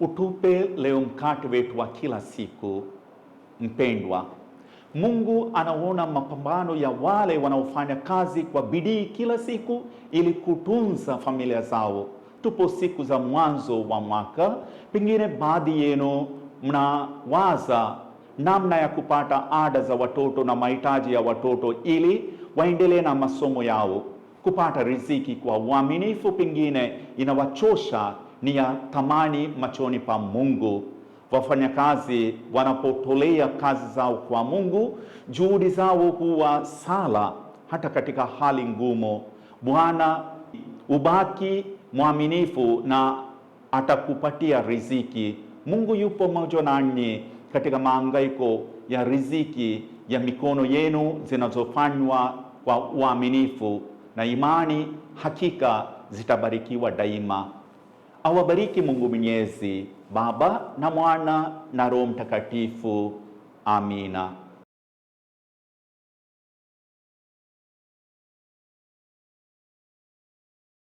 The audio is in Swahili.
Utupe leo mkate wetu wa kila siku. Mpendwa, Mungu anaona mapambano ya wale wanaofanya kazi kwa bidii kila siku ili kutunza familia zao. Tupo siku za mwanzo wa mwaka, pengine baadhi yenu mnawaza namna ya kupata ada za watoto na mahitaji ya watoto ili waendelee na masomo yao. Kupata riziki kwa uaminifu pengine inawachosha ni ya thamani machoni pa Mungu. Wafanyakazi wanapotolea kazi zao kwa Mungu, juhudi zao huwa sala hata katika hali ngumu. Bwana ubaki mwaminifu na atakupatia riziki. Mungu yupo pamoja nanyi katika maangaiko ya riziki ya mikono yenu zinazofanywa kwa uaminifu na imani, hakika zitabarikiwa daima. Awabariki Mungu Mwenyezi, Baba na Mwana na Roho Mtakatifu. Amina.